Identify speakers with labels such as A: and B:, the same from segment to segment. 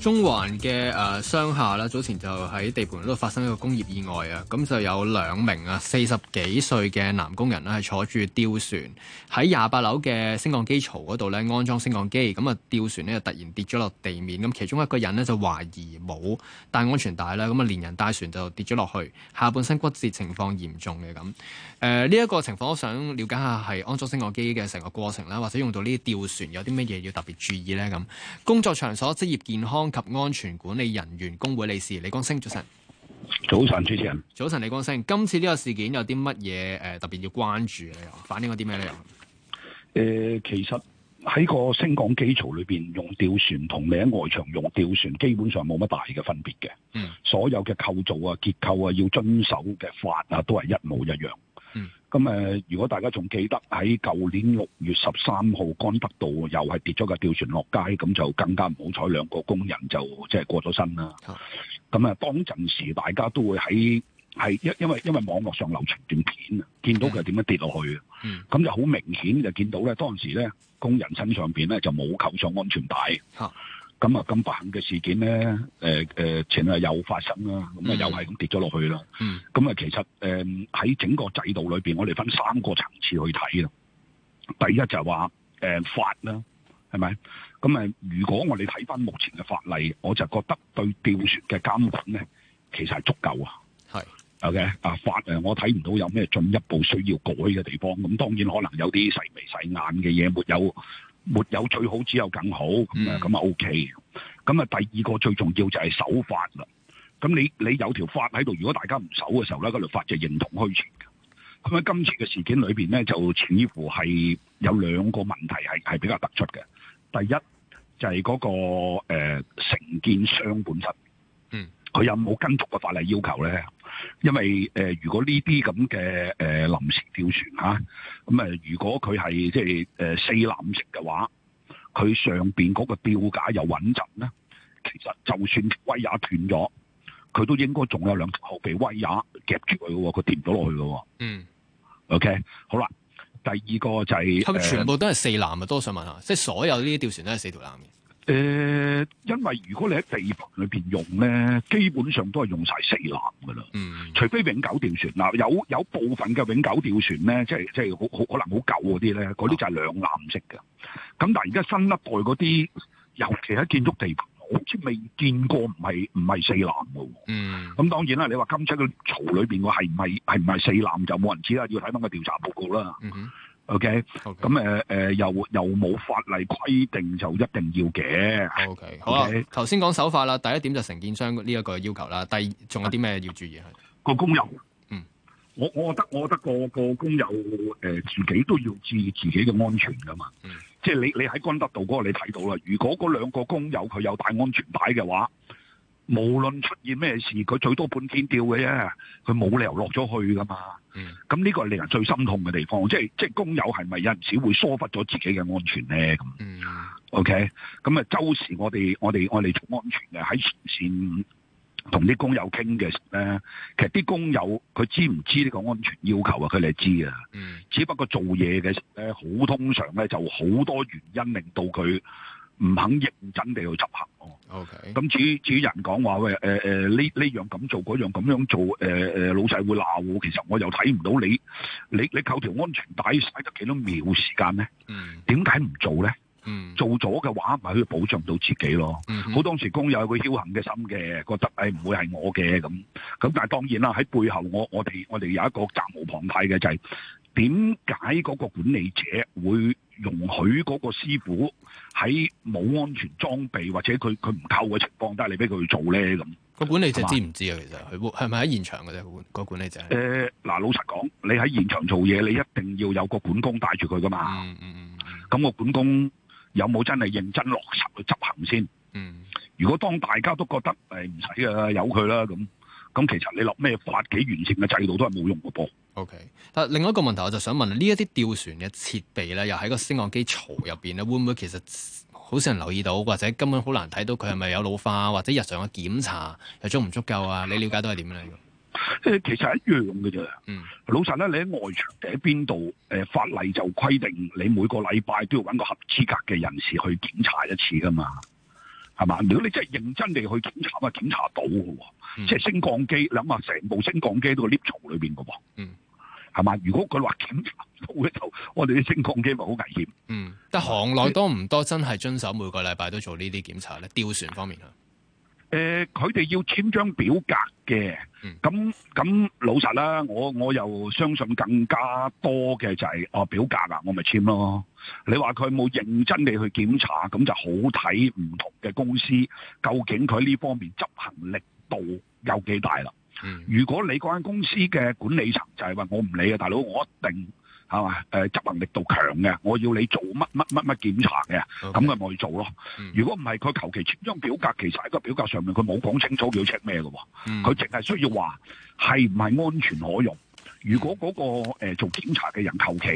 A: 中環嘅誒、呃、商廈啦，早前就喺地盤度發生一個工業意外啊。咁就有兩名啊四十幾歲嘅男工人呢，係坐住吊船喺廿八樓嘅升降機槽嗰度呢，安裝升降機，咁啊吊船呢就突然跌咗落地面，咁其中一個人呢，就懷疑冇戴安全帶啦，咁啊連人帶船就跌咗落去，下半身骨折情況嚴重嘅咁。誒呢一個情況，我想了解一下係安裝升降機嘅成個過程啦，或者用到呢啲吊船有啲乜嘢要特別注意呢？咁工作場所職業健康及安全管理人員工會理事李光升，早晨。
B: 早晨主持人，
A: 早晨李光升。今次呢個事件有啲乜嘢誒特別要關注咧？又反映咗啲咩咧？又
B: 誒、呃，其實喺個升降機槽裏邊用吊船同你喺外牆用吊船，基本上冇乜大嘅分別嘅。嗯，所有嘅構造啊、結構啊，要遵守嘅法啊，都係一模一樣。咁、嗯、如果大家仲記得喺舊年六月十三號干德道又係跌咗個吊船落街，咁就更加唔好彩，兩個工人就即係過咗身啦。咁、嗯、啊，當陣時大家都會喺係因因為因為網絡上流傳段片啊，見到佢係點樣跌落去啊，咁就好明顯就見到咧，當時咧工人身上邊咧就冇扣上安全帶。咁啊，咁不幸嘅事件咧，誒誒，前日又發生啦，咁啊，又係咁跌咗落去啦。咁啊、嗯，其實誒喺整個制度裏面，我哋分三個層次去睇啦。第一就係話誒法啦，係咪？咁如果我哋睇翻目前嘅法例，我就覺得對吊船嘅監管咧，其實係足夠啊。係是 OK 啊，法誒，我睇唔到有咩進一步需要改嘅地方。咁當然可能有啲細眉細眼嘅嘢沒有。沒有最好，只有更好。咁啊，咁啊，OK。咁啊，第二個最重要就係守法啦。咁你你有條法喺度，如果大家唔守嘅時候咧，個律法，就形同虛設。咁喺今次嘅事件裏邊咧，就似乎係有兩個問題係係比較突出嘅。第一就係嗰個誒承建商本身，嗯，佢有冇跟足個法例要求咧？因為誒、呃，如果呢啲咁嘅誒臨時吊船吓，咁啊、嗯，如果佢係即係誒、呃、四纜式嘅話，佢上邊嗰個吊架又穩陣咧，其實就算威也斷咗，佢都應該仲有兩條後備威也夾住佢嘅，佢掂唔到落去
A: 嘅。
B: 嗯，OK，好啦，第二個就
A: 係、是，係咪全部都係四纜啊、呃？多想問一下，即係所有呢啲吊船都係四條纜誒。呃
B: 因為如果你喺地盤裏邊用咧，基本上都係用晒四纜噶啦，mm hmm. 除非永久吊船嗱、呃，有有部分嘅永久吊船咧，即係即係好好可能好舊嗰啲咧，嗰啲就係兩纜色嘅。咁但係而家新一代嗰啲，尤其喺建築地盤，好似未見過唔係唔係四纜嘅。咁、mm hmm. 嗯、當然啦，你話今次個槽裏邊個係唔係係唔係四纜就冇人知啦，要睇翻個調查報告啦。Mm hmm. OK，咁誒誒又又冇法例規定就一定要嘅。
A: OK，好啦，頭先講手法啦，第一點就承建商呢一個要求啦，第二仲有啲咩要注意係個工友。嗯，
B: 我我覺得我覺得，我覺得個個工友誒、呃、自己都要注意自己嘅安全噶嘛。嗯，即係你你喺干德道嗰個你睇到啦。如果嗰兩個工友佢有戴安全帶嘅話。無論出現咩事，佢最多半天吊嘅啫，佢冇理由落咗去噶嘛。咁呢、嗯、個係令人最心痛嘅地方，即係即係工友係咪有陣時會疏忽咗自己嘅安全咧？咁、嗯啊、，OK，咁、嗯、啊，周時我哋我哋我哋做安全嘅喺前線同啲工友傾嘅時咧，其實啲工友佢知唔知呢個安全要求啊？佢哋知啊。嗯、只不過做嘢嘅呢，好通常咧，就好多原因令到佢唔肯認真地去執行。O K，咁至於至於人講話喂，誒誒呢呢樣咁做，嗰樣咁樣做，誒誒老細會鬧。其實我又睇唔到你，你你扣條安全帶，使得幾多秒時間咧？嗯，點解唔做咧？嗯，做咗嘅話，咪可以保障到自己咯。嗯，好，當時工友有個僥倖嘅心嘅，覺得誒唔會係我嘅咁，咁但係當然啦，喺背後我我哋我哋有一個責無旁貸嘅就係點解嗰個管理者會容許嗰個師傅喺冇安全裝備或者佢佢唔扣嘅情況底下，你俾佢去做咧咁，個管理者知唔知啊？其實係咪喺現場嘅啫？個管理者？誒、嗯、嗱，嗯、老實講，你喺現場做嘢，你一定要有個管工帶住佢㗎嘛。嗯嗯嗯。咁個管工有冇真係認真落實去執行先？嗯。如果當大家都覺得誒唔使啊，由佢啦咁。咁其實你立咩法幾完成嘅制度都係冇用嘅噃。OK，
A: 但另外一個問題，我就想問：呢一啲吊船嘅設備咧，又喺個升降機槽入邊咧，會唔會其實好少人留意到，或者根本好難睇到佢係咪有老化，或者日常嘅檢查又足唔足夠啊？你了解都係點樣？誒，其實一樣嘅啫。嗯，老陳咧，你喺外場定喺邊度？誒，法例就規定
B: 你每個禮拜都要揾個合資格嘅人士去檢查一次㗎嘛，係嘛？如果你真係認真地去檢查，咪檢查到嘅即係、嗯、升降機，諗下成部升降機都個 lift 槽裏邊噶噃，嗯，係嘛？如果佢話檢查到咧，就我哋啲升降
A: 機咪好危險。嗯，但行內多唔多、嗯、真係遵守每個禮拜都做這些呢啲檢查咧？吊船方面啊，誒、呃，佢哋要簽張表格嘅，咁咁、嗯、
B: 老實啦。我我又相信更加多嘅就係哦表格啊，我咪簽咯。你話佢冇認真地去檢查，咁就好睇唔同嘅公司究竟佢呢方面執行力度有幾大啦？如果你嗰間公司嘅管理層就係、是、話我唔理呀，大佬我一定係嘛？誒、呃、執行力度強嘅，我要你做乜乜乜乜檢查嘅，咁佢咪去做咯。如果唔係，佢求其簽張表格，其實喺個表格上面佢冇講清楚要 check 咩嘅喎，佢淨係需要話係唔係安全可用？如果嗰、那個、呃、做檢查嘅人求其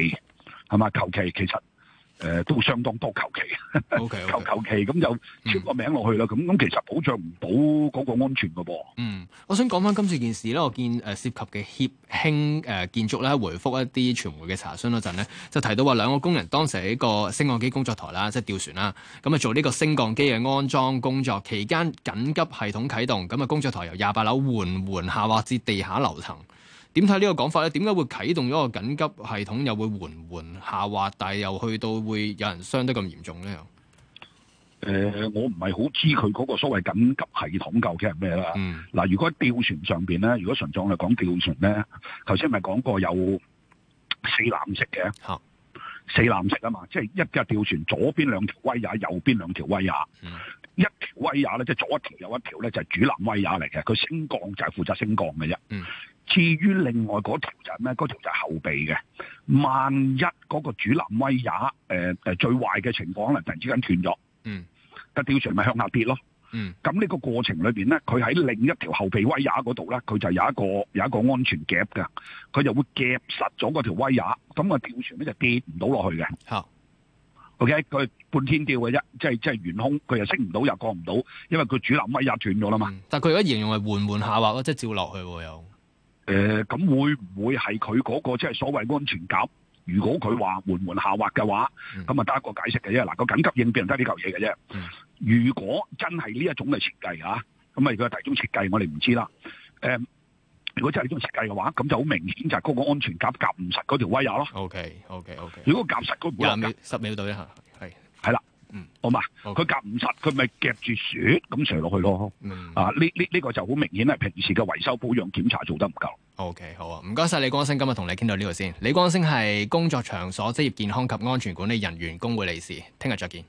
B: 係嘛？求其其實。誒、呃、都相當多求其，求求其咁就簽個名落去啦。咁咁、嗯、其實保障唔到嗰個安全嘅噃。嗯，
A: 我想講翻今次件事咧，我見涉及嘅協興、呃、建築咧回覆一啲傳媒嘅查詢嗰陣呢就提到話兩個工人當時喺個升降機工作台啦，即係吊船啦，咁啊做呢個升降機嘅安裝工作期間緊急系統啟動，咁啊工作台由廿八樓緩緩下滑至地下樓層。點睇呢個講法咧？點解會啟動咗個緊急系統，又會緩緩下滑，但係又去到會有人傷得咁嚴重咧？誒、呃，
B: 我唔係好知佢嗰個所謂緊急系統究竟係咩啦？嗱、嗯，如果喺吊船上邊咧，如果純粹嚟講吊船咧，頭先咪講過有四纜式嘅，嗯、四纜式啊嘛，即係一架吊船，左邊兩條威也，右邊兩條威也，嗯、一條威也咧，即係左一條，右一條咧，就係主纜威也嚟嘅，佢升降就係負責升降嘅啫。嗯至於另外嗰條就係咩？嗰條就係後備嘅。萬一嗰個主纜威也，誒、呃、誒最壞嘅情況咧，突然之間斷咗，嗯，個吊船咪向下跌咯，嗯。咁呢個過程裏邊咧，佢喺另一條後備威也嗰度咧，佢就有一個有一個安全夾嘅，佢就會夾實咗嗰條威也，咁個吊船咧就跌唔到落去嘅。好哈，OK，佢半天吊嘅啫，即係即係懸空，佢又升唔到又降唔到，因為佢主纜威也斷咗啦嘛。嗯、
A: 但係佢如果形容係緩緩下滑，即係照落去又。
B: 誒，咁、呃、會唔會係佢嗰個即係所謂安全夾？如果佢話緩緩下滑嘅話，咁啊得一個解釋嘅啫。嗱，個緊急應變得呢嚿嘢嘅啫。如果真係呢一種嘅設計啊，咁啊如果第二種設計，我哋唔知啦。誒，如果真係呢種設計嘅話，咁就好明顯就係嗰個安全夾夾唔實嗰條威亞咯。OK
A: OK OK。如果夾實
B: 佢唔夾，十秒到一下。嗯，好嘛嗎，佢夾唔實，佢咪夾住雪咁斜落去咯。嗯，啊，呢呢呢個就好明顯係平時嘅維修保養檢查做得唔夠。
A: OK，好啊，唔該晒李光昇，今日同你傾到呢度先。李光昇係工作場所職業健康及安全管理人員工會理事，聽日再見。